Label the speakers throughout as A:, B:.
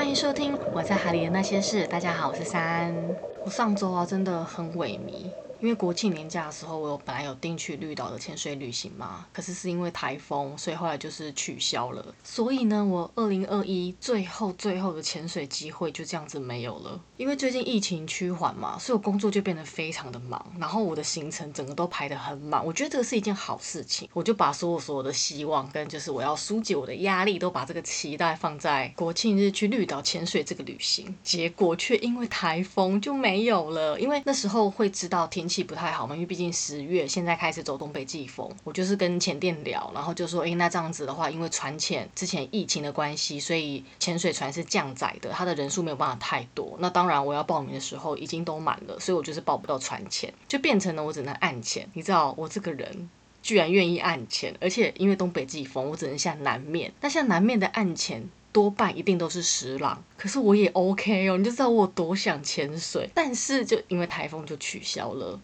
A: 歡迎收聽《我在海裡的那些事》。大家好，我是珊。我上周啊，真的很萎靡。因為國慶年假的時候，我本來有訂去綠島的潛水旅行嘛，可是是因為台風，所以後來就是取消了。所以呢，我二零二一最後最後的潛水機會就這樣子沒有了。因為最近疫情趨緩嘛，所以我工作就變得非常的忙，然後我的行程整個都排得很滿。我覺得這個是一件好事情，我就把所有所有的希望跟就是我要疏解我的壓力，都把這個期待放在國慶日去綠島潛水這個旅行。結果卻因為台風就沒有了，因為那時候會知道天。氣不太好嘛，因為畢竟十月現在開始走東北季風。我就是跟潛店聊，然後就說，哎、欸，那這樣子的話，因為船潛之前疫情的關係，所以潛水船是降載的，它的人數沒有辦法太多。那當然，我要報名的時候已經都滿了，所以我就是報不到船潛，就變成了我只能岸潛。你知道我這個人居然願意岸潛，而且因為東北季風，我只能下南面。那像南面的岸潛，多半一定都是十浪，可是我也 OK 哦。你就知道我多想潛水，但是就因為颱風就取消了。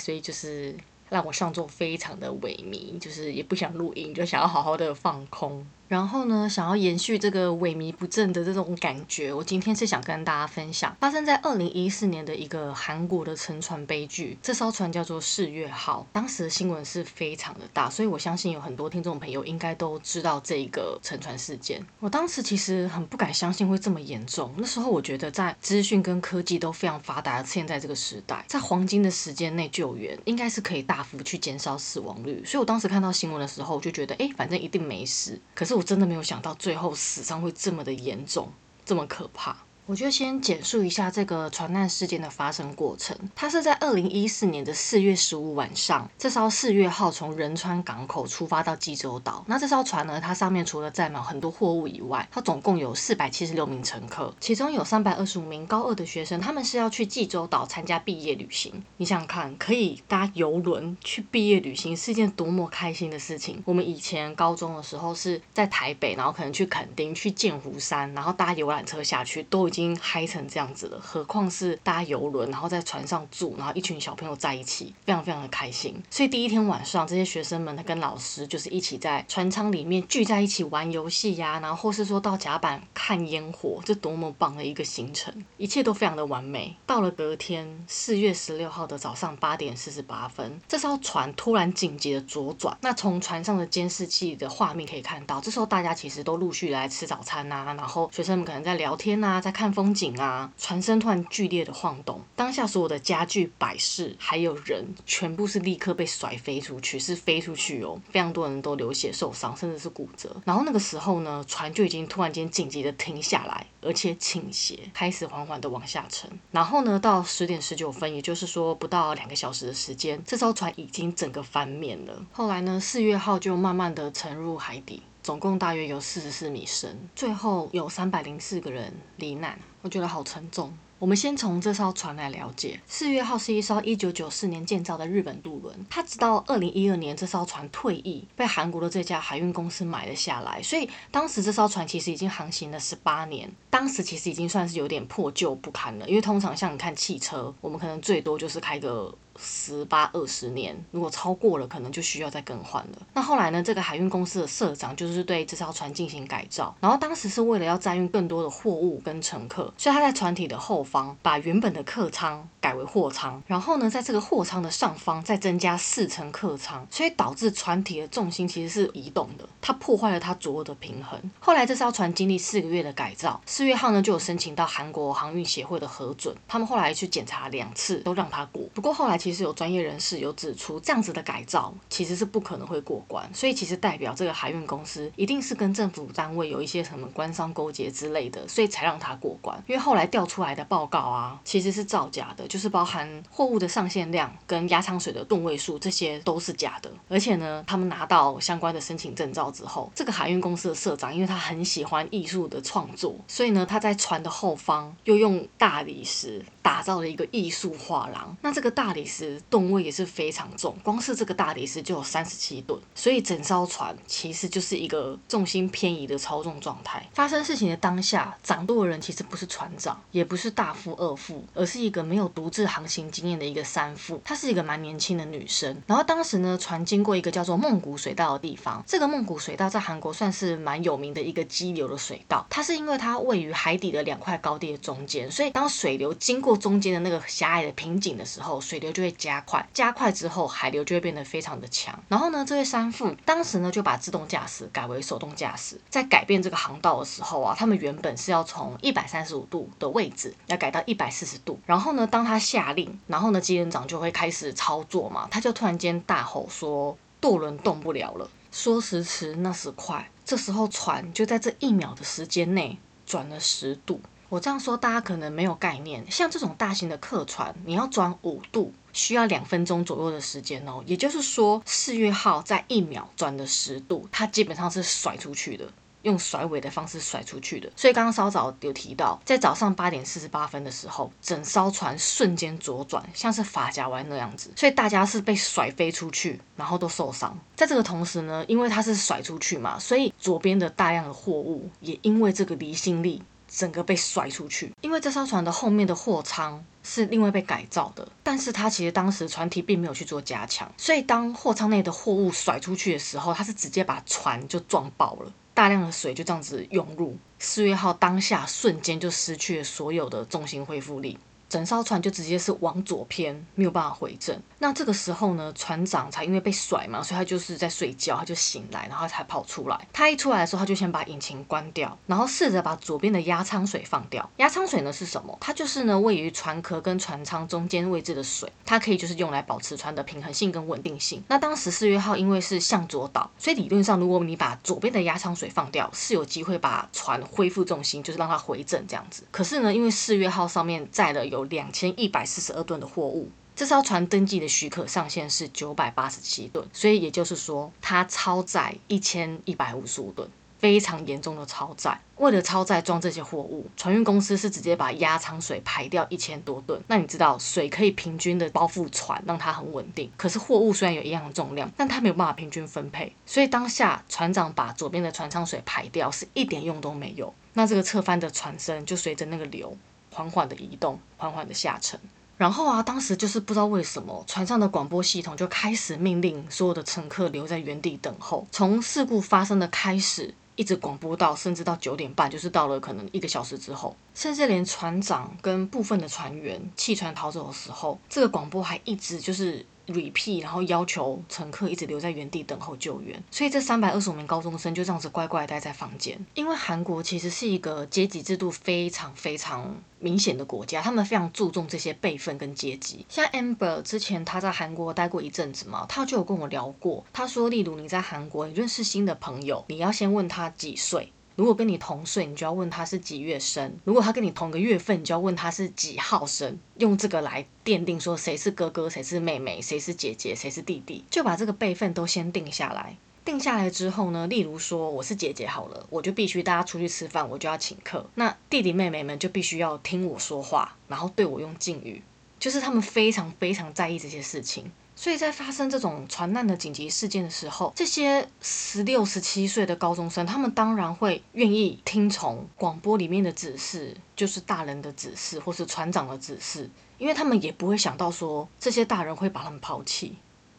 A: 所以就是讓我上週非常的萎靡，就是也不想錄音，就想要好好的放空。然後呢，想要延續這個萎靡不振的這種感覺，我今天是想跟大家分享發生在二零一四年的一個韓國的沉船悲劇。這艘船叫做世越號，當時的新聞是非常的大，所以我相信有很多聽眾朋友應該都知道這一個沉船事件。我當時其實很不敢相信會這麼嚴重，那時候我覺得在資訊跟科技都非常發達的現在這個時代，在黃金的時間內救援，應該是可以大幅去減少死亡率。所以我當時看到新聞的時候，就覺得，哎，反正一定沒事。可是我。我真的沒有想到，最後死傷會這麼的嚴重，這麼可怕。我就先簡述一下這個船難事件的發生過程。它是在二零一四年的四月十五晚上，這艘世越號從仁川港口出發到濟州島。那這艘船呢，它上面除了載滿很多貨物以外，它總共有四百七十六名乘客，其中有三百二十五名高二的學生，他們是要去濟州島參加畢業旅行。你想看，可以搭郵輪去畢業旅行是一件多麼開心的事情。我們以前高中的時候是在台北，然後可能去墾丁、去劍湖山，然後搭遊覽車下去，都已經。已經嗨成這樣子了，何況是搭郵輪，然後在船上住，然後一群小朋友在一起，非常非常的開心。所以第一天晚上，這些學生們跟老師就是一起在船艙裡面聚在一起玩遊戲呀，然後或是說到甲板看煙火，這多麼棒的一個行程，一切都非常的完美。到了隔天四月十六號的早上八點四十八分，這艘船突然緊急的左轉。那從船上的監視器的畫面可以看到，這時候大家其實都陸續來吃早餐吶，然後學生們可能在聊天吶，在看。看風景啊！船身突然劇烈的晃動，當下所有的家具、擺飾，還有人，全部是立刻被甩飛出去，是飛出去哦！非常多人都流血受傷，甚至是骨折。然後那個時候呢，船就已經突然間緊急的停下來，而且傾斜，開始緩緩的往下沉。然後呢，到十點十九分，也就是說不到兩個小時的時間，這艘船已經整個翻面了。後來呢，世越號就慢慢的沉入海底。總共大約有四十四米深，最後有三百零四個人罹難，我覺得好沉重。我們先從這艘船來了解，世越號是一艘一九九四年建造的日本渡輪，它直到二零一二年這艘船退役，被韓國的這家海運公司買了下來，所以當時這艘船其實已經航行了十八年，當時其實已經算是有點破舊不堪了，因為通常像你看汽車，我們可能最多就是開個。十八二十年，如果超過了，可能就需要再更換了。那後來呢？這個海運公司的社長就是對這艘船進行改造，然後當時是為了要佔用更多的貨物跟乘客，所以他在船體的後方把原本的客艙改為貨艙，然後呢，在這個貨艙的上方再增加四層客艙，所以導致船體的重心其實是移動的，它破壞了它左右的平衡。後來這艘船經歷四個月的改造，四月號呢就有申請到韓國航運協會的核准，他們後來去檢查兩次都讓它過。不過後來其實。其實有專業人士有指出，這樣子的改造其實是不可能會過關，所以其實代表這個海運公司一定是跟政府單位有一些什麼官商勾結之類的，所以才讓他過關。因為後來調出來的報告啊，其實是造假的，就是包含貨物的上限量跟壓艙水的噸位數這些都是假的。而且呢，他們拿到相關的申請證照之後，這個海運公司的社長，因為他很喜歡藝術的創作，所以呢，他在船的後方又用大理石。打造了一個藝術畫廊。那這個大理石噸位也是非常重，光是這個大理石就有三十七噸，所以整艘船其實就是一個重心偏移的超重狀態。發生事情的當下，掌舵的人其實不是船長，也不是大副、二副，而是一個沒有獨自航行經驗的一個三副。她是一個蠻年輕的女生。然後當時呢，船經過一個叫做夢谷水道的地方。這個夢谷水道在韓國算是蠻有名的一個激流的水道。它是因為它位於海底的兩塊高地的中間，所以當水流經過。過中間的那個狹隘的瓶頸的時候，水流就會加快，加快之後，海流就會變得非常的強。然後呢，這位三副當時呢就把自動駕駛改為手動駕駛，在改變這個航道的時候啊，他們原本是要從一百三十五度的位置要改到一百四十度，然後呢，當他下令，然後呢，機人長就會開始操作嘛，他就突然間大吼說：“舵輪動不了了。”說時遲，那時快，這時候船就在這一秒的時間內轉了十度。我這樣說，大家可能沒有概念。像這種大型的客船，你要轉五度，需要兩分鐘左右的時間哦。也就是說，世越號在一秒轉了十度，它基本上是甩出去的，用甩尾的方式甩出去的。所以剛剛稍早有提到，在早上八點四十八分的時候，整艘船瞬間左轉，像是髮夾彎那樣子，所以大家是被甩飛出去，然後都受傷。在這個同時呢，因為它是甩出去嘛，所以左邊的大量的貨物也因為這個離心力。整個被甩出去，因為這艘船的後面的貨艙是另外被改造的，但是它其實當時船體並沒有去做加強，所以當貨艙內的貨物甩出去的時候，它是直接把船就撞爆了，大量的水就這樣子湧入，世越號當下瞬間就失去了所有的重心恢復力。整艘船就直接是往左偏，沒有辦法回正。那這個時候呢，船長才因為被甩嘛，所以他就是在睡覺，他就醒來，然後才跑出來。他一出來的時候，他就先把引擎關掉，然後試着把左邊的壓艙水放掉。壓艙水呢是什麼？它就是呢位於船殼跟船艙中間位置的水，它可以就是用來保持船的平衡性跟穩定性。那當時世越號因為是向左倒，所以理論上如果你把左邊的壓艙水放掉，是有機會把船恢復重心，就是讓它回正這樣子。可是呢，因為世越號上面載了有有兩千一百四十二噸的貨物，這艘船登記的許可上限是九百八十七噸，所以也就是說它超載一千一百五十五噸，非常嚴重的超載。為了超載裝這些貨物，船運公司是直接把壓艙水排掉一千多噸。那你知道水可以平均的包覆船，讓它很穩定。可是貨物雖然有一樣的重量，但它沒有辦法平均分配，所以當下船長把左邊的船艙水排掉是一點用都沒有。那這個側翻的船身就隨着那個流。緩緩的移動，緩緩的下沉。然後啊，當時就是不知道為什麼，船上的廣播系統就開始命令所有的乘客留在原地等候。從事故發生的開始，一直廣播到甚至到九點半，就是到了可能一個小時之後，甚至連船長跟部分的船員棄船逃走的時候，這個廣播還一直就是。repeat，然後要求乘客一直留在原地等候救援。所以這三百二十五名高中生就這樣子乖乖待在房間。因為韓國其實是一個階級制度非常非常明顯的國家，他們非常注重這些輩分跟階級。像 Amber 之前他在韓國待過一陣子嘛，他就有跟我聊過，他說，例如你在韓國你認識新的朋友，你要先問他幾歲。如果跟你同歲，你就要問他是幾月生；如果他跟你同個月份，你就要問他是幾號生。用這個來奠定說誰是哥哥，誰是妹妹，誰是姐姐，誰是弟弟，就把這個輩分都先定下來。定下來之後呢，例如說我是姐姐好了，我就必須大家出去吃飯，我就要請客。那弟弟妹妹們就必須要聽我說話，然後對我用敬語，就是他們非常非常在意這些事情。所以在發生這種船難的緊急事件的時候，這些十六、十七歲的高中生，他們當然會願意聽從廣播裡面的指示，就是大人的指示或是船長的指示，因為他們也不會想到說這些大人會把他們拋棄，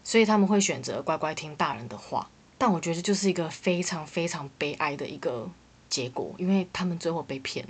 A: 所以他們會選擇乖乖聽大人的話。但我覺得就是一個非常非常悲哀的一個結果，因為他們最後被騙了。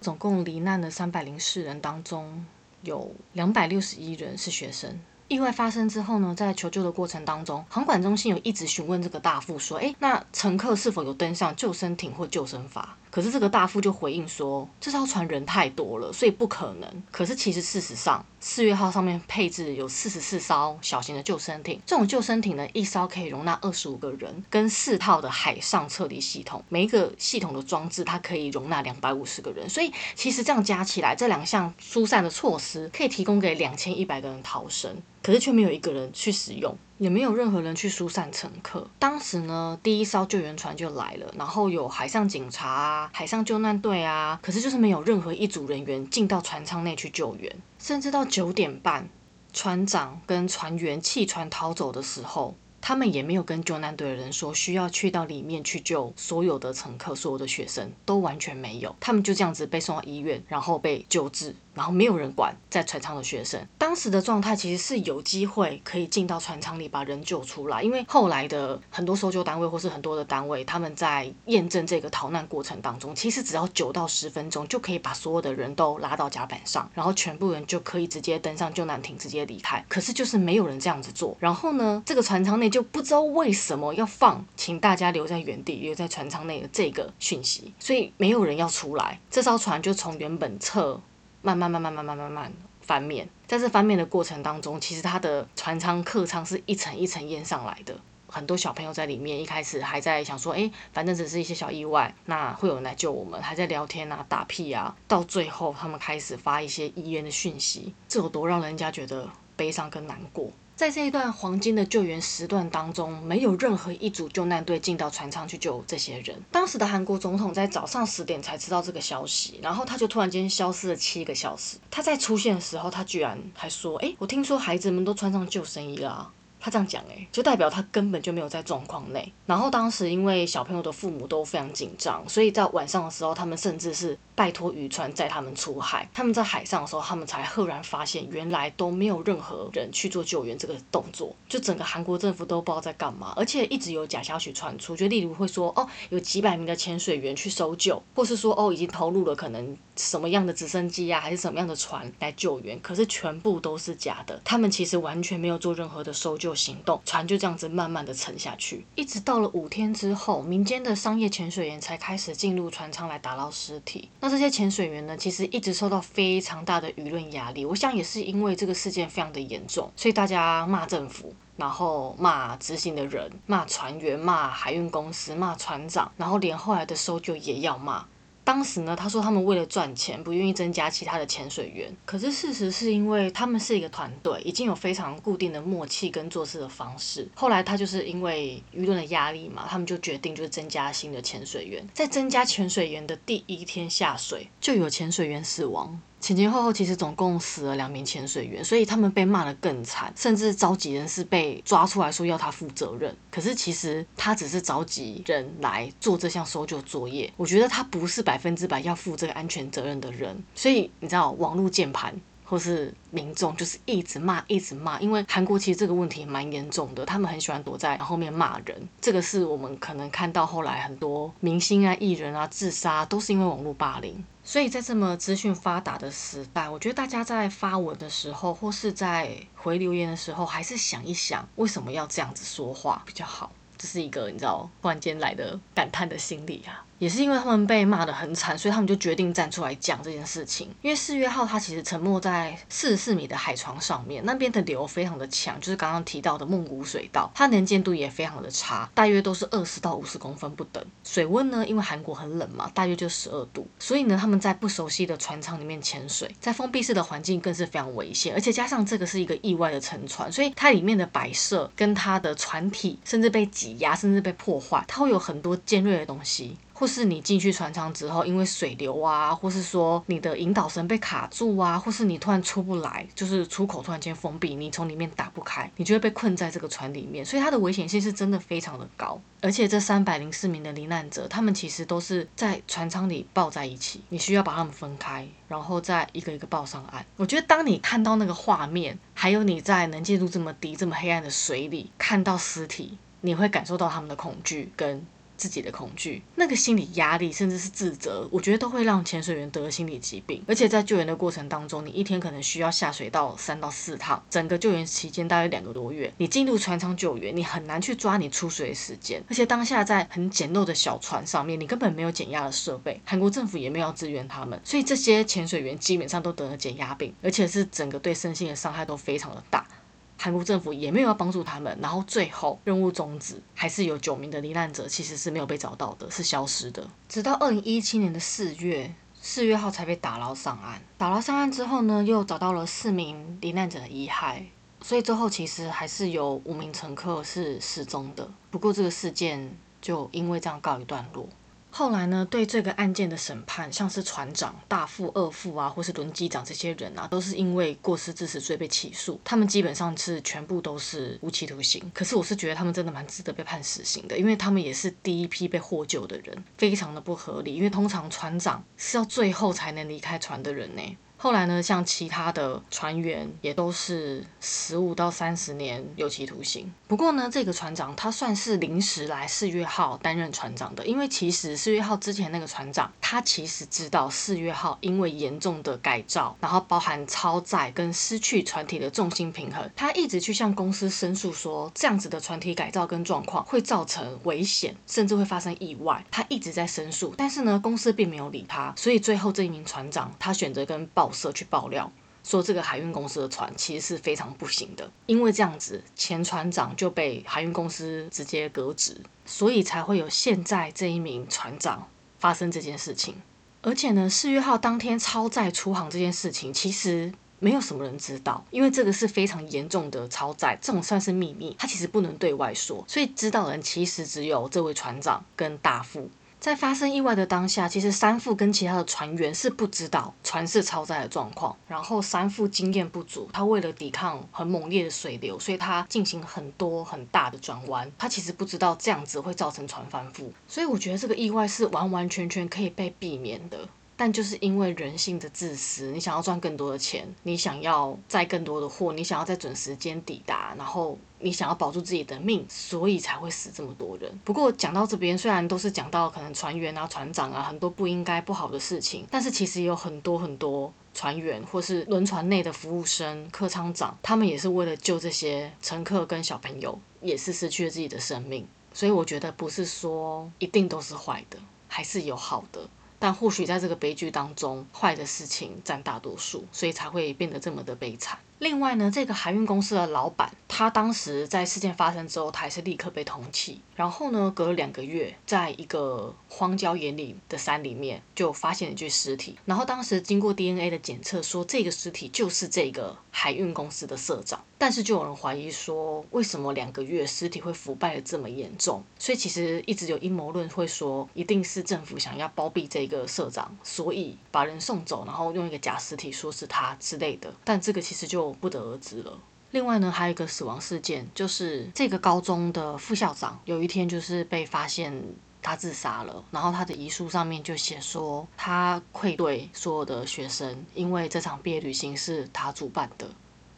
A: 總共罹難的三百零四人當中，有兩百六十一人是學生。意外發生之後呢，在求救的過程當中，航管中心有一直詢問這個大副說：“哎、欸，那乘客是否有登上救生艇或救生筏？”可是這個大副就回應說，這艘船人太多了，所以不可能。可是其實事實上，世越號上面配置有四十四艘小型的救生艇，這種救生艇呢，一艘可以容納二十五個人，跟四套的海上撤離系統，每一個系統的裝置它可以容納兩百五十個人。所以其實這樣加起來，這兩項疏散的措施可以提供給兩千一百個人逃生，可是卻沒有一個人去使用。也沒有任何人去疏散乘客。當時呢，第一艘救援船就來了，然後有海上警察啊、海上救難隊啊，可是就是沒有任何一組人員進到船艙內去救援。甚至到九點半，船長跟船員棄船逃走的時候，他們也沒有跟救難隊的人說需要去到裡面去救所有的乘客、所有的學生，都完全沒有。他們就這樣子被送到醫院，然後被救治。然後沒有人管在船艙的學生，當時的狀態其實是有機會可以進到船艙裡把人救出來，因為後來的很多搜救單位或是很多的單位，他們在驗證這個逃難過程當中，其實只要九到十分鐘就可以把所有的人都拉到甲板上，然後全部人就可以直接登上救難艇，直接離開。可是就是沒有人這樣子做，然後呢，這個船艙內就不知道為什麼要放請大家留在原地留在船艙內的這個訊息，所以沒有人要出來，這艘船就從原本側慢慢慢慢慢慢慢慢翻面。在這翻面的過程當中，其實他的船艙、客艙是一層一層淹上來的，很多小朋友在裡面，一開始還在想說，哎、欸，反正只是一些小意外，那會有人來救我們，還在聊天啊、打屁啊，到最後他們開始發一些遺言的訊息，這有多讓人家覺得悲傷跟難過。在這一段黃金的救援時段當中，沒有任何一組救難隊進到船艙去救這些人。當時的韓國總統在早上十點才知道這個消息，然後他就突然間消失了七個小時。他在出現的時候，他居然還說：“誒，我聽說孩子們都穿上救生衣了啊。”他這樣講，誒，就代表他根本就沒有在狀況內。然後當時因為小朋友的父母都非常緊張，所以在晚上的時候，他們甚至是拜托漁船載他們出海。他們在海上的時候，他們才赫然發現，原來都沒有任何人去做救援這個動作。就整個韓國政府都不知道在幹嘛，而且一直有假消息傳出，就例如會說，哦，有幾百名的潛水員去蒐救，或是說，哦，已經投入了可能什麼樣的直升機呀、啊，還是什麼樣的船來救援，可是全部都是假的。他們其實完全沒有做任何的蒐救行動，船就這樣子慢慢的沉下去，一直到了五天之後，民間的商業潛水員才開始進入船艙來打撈屍體。那這些潛水員呢，其實一直受到非常大的輿論壓力。我想也是因為這個事件非常的嚴重，所以大家罵政府，然後罵執行的人，罵船員，罵海運公司，罵船長，然後連後來的搜救也要罵。當時呢，他說他們為了賺錢，不願意增加其他的潛水員。可是事實是因為他們是一個團隊，已經有非常固定的默契跟做事的方式。後來他就是因為輿論的壓力嘛，他們就決定就是增加新的潛水員。在增加潛水員的第一天下水，就有潛水員死亡。前前後後其實總共死了兩名潛水員，所以他們被罵得更慘，甚至召集人是被抓出來說要他負責任。可是其實他只是召集人來做這項搜救作業，我覺得他不是百分之百要負這個安全責任的人。所以你知道網路鍵盤。或是民眾就是一直罵，一直罵，因為韓國其實這個問題蠻嚴重的，他們很喜歡躲在後面罵人。這個是我們可能看到後來很多明星啊、藝人啊自殺啊，都是因為網絡霸凌。所以在這麼資訊發達的時代，我覺得大家在發文的時候，或是在回留言的時候，還是想一想為什麼要這樣子說話比較好。這是一個你知道，突然間來的感嘆的心理啊。也是因為他們被罵得很慘，所以他們就決定站出來講這件事情。因為世越號它其實沉沒在四十四米的海床上面，那邊的流非常的強，就是剛剛提到的孟古水道，它能見度也非常的差，大約都是二十到五十公分不等。水溫呢，因為韓國很冷嘛，大約就十二度，所以呢，他們在不熟悉的船艙裡面潛水，在封閉式的環境更是非常危險，而且加上這個是一個意外的沉船，所以它裡面的擺設跟它的船體甚至被擠壓，甚至被破壞，它會有很多尖銳的東西。或是你進去船艙之後，因為水流啊，或是說你的引導繩被卡住啊，或是你突然出不來，就是出口突然間封閉，你從裡面打不開，你就會被困在這個船裡面。所以它的危險性是真的非常的高。而且這三百零四名的罹難者，他們其實都是在船艙裡抱在一起，你需要把他們分開，然後再一個一個抱上岸。我覺得當你看到那個畫面，還有你在能見度這麼低、這麼黑暗的水裡看到屍體，你會感受到他們的恐懼跟。自己的恐懼、那個心理壓力，甚至是自責，我覺得都會讓潛水員得了心理疾病。而且在救援的過程當中，你一天可能需要下水到三到四趟，整個救援期間大約兩個多月，你進入船艙救援，你很難去抓你出水的時間。而且當下在很簡陋的小船上面，你根本沒有減壓的設備，韓國政府也沒有支援他們，所以這些潛水員基本上都得了減壓病，而且是整個對身心的傷害都非常的大。韓國政府也沒有要幫助他們，然後最後任務終止，還是有九名的罹難者其實是沒有被找到的，是消失的。直到二零一七年的四月，世越號才被打撈上岸。打撈上岸之後呢，又找到了四名罹難者的遺骸，所以最後其實還是有五名乘客是失蹤的。不過這個事件就因為這樣告一段落。後來呢，對這個案件的審判，像是船長、大副、二副啊，或是輪機長這些人啊，都是因為過失致死罪被起訴。他們基本上是全部都是無期徒刑。可是我是覺得他們真的蠻值得被判死刑的，因為他們也是第一批被獲救的人，非常的不合理。因為通常船長是要最後才能離開船的人呢。後來呢，像其他的船員也都是十五到三十年有期徒刑。不過呢，這個船長他算是臨時來世越號擔任船長的，因為其實世越號之前那個船長他其實知道世越號因為嚴重的改造，然後包含超載跟失去船體的重心平衡，他一直去向公司申訴說這樣子的船體改造跟狀況會造成危險，甚至會發生意外。他一直在申訴，但是呢，公司並沒有理他，所以最後這一名船長他選擇跟報。報社去爆料說，這個海運公司的船其實是非常不行的，因為這樣子前船長就被海運公司直接革職，所以才會有現在這一名船長發生這件事情。而且呢，四月號當天超載出航這件事情，其實沒有什麼人知道，因為這個是非常嚴重的超載，這種算是秘密，他其實不能對外說，所以知道的人其實只有這位船長跟大副。在發生意外的當下，其實三副跟其他的船員是不知道船是超載的狀況。然後三副經驗不足，他為了抵抗很猛烈的水流，所以他進行很多很大的轉彎。他其實不知道這樣子會造成船翻覆，所以我覺得這個意外是完完全全可以被避免的。但就是因為人性的自私，你想要賺更多的錢，你想要載更多的貨，你想要在準時間抵達，然後你想要保住自己的命，所以才會死這麼多人。不過講到這邊，雖然都是講到可能船員啊、船長啊很多不應該不好的事情，但是其實也有很多很多船員或是輪船內的服務生、客艙長，他們也是為了救這些乘客跟小朋友，也是失去了自己的生命。所以我覺得不是說一定都是壞的，還是有好的。但或許在這個悲劇當中，壞的事情佔大多數，所以才會變得這麼的悲慘。另外呢，這個海運公司的老闆，他當時在事件發生之後，他也是立刻被通緝。然後呢，隔了兩個月，在一個荒郊野嶺的山裡面，就發現了一具屍體。然後當時經過 DNA 的檢測說，說這個屍體就是這個海運公司的社長。但是就有人懷疑說，為什麼兩個月屍體會腐敗的這麼嚴重？所以其實一直有陰謀論會說，一定是政府想要包庇這個社長，所以把人送走，然後用一個假屍體說是他之類的。但這個其實就。我不得而知了。另外呢，還有一個死亡事件，就是這個高中的副校長有一天就是被發現他自殺了，然後他的遺書上面就寫說他愧對所有的學生，因為這場畢業旅行是他主辦的，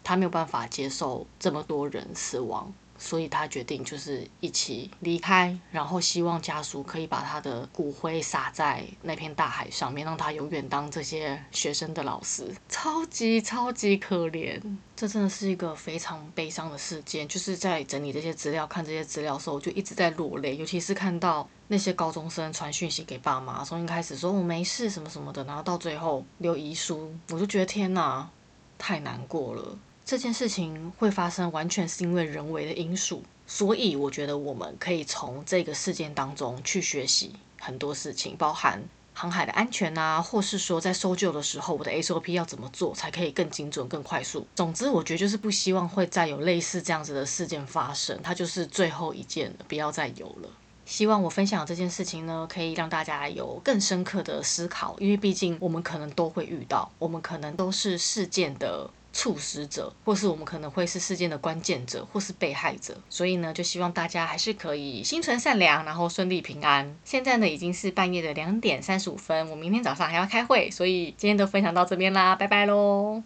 A: 他沒有辦法接受這麼多人死亡。所以他決定就是一起離開，然後希望家屬可以把他的骨灰撒在那片大海上面，讓他永遠當這些學生的老師，超級超級可憐。這真的是一個非常悲傷的事件，就是在整理這些資料、看這些資料的時候，我就一直在落淚，尤其是看到那些高中生傳訊息給爸媽，從一開始說我，哦，沒事什麼什麼的，然後到最後留遺書，我就覺得天哪，太難過了。這件事情會發生，完全是因為人為的因素，所以我覺得我們可以從這個事件當中去學習很多事情，包含航海的安全啊，或是說在搜救的時候，我的 SOP 要怎麼做才可以更精準、更快速。總之，我覺得就是不希望會再有類似這樣子的事件發生，它就是最後一件，不要再有了。希望我分享的這件事情呢，可以讓大家有更深刻的思考，因為畢竟我們可能都會遇到，我們可能都是事件的。促使者，或是我們可能會是事件的關鍵者，或是被害者。所以呢，就希望大家還是可以心存善良，然後順利平安。現在呢，已經是半夜的兩點三十五分，我明天早上還要開會，所以今天都分享到這邊啦，拜拜嘍。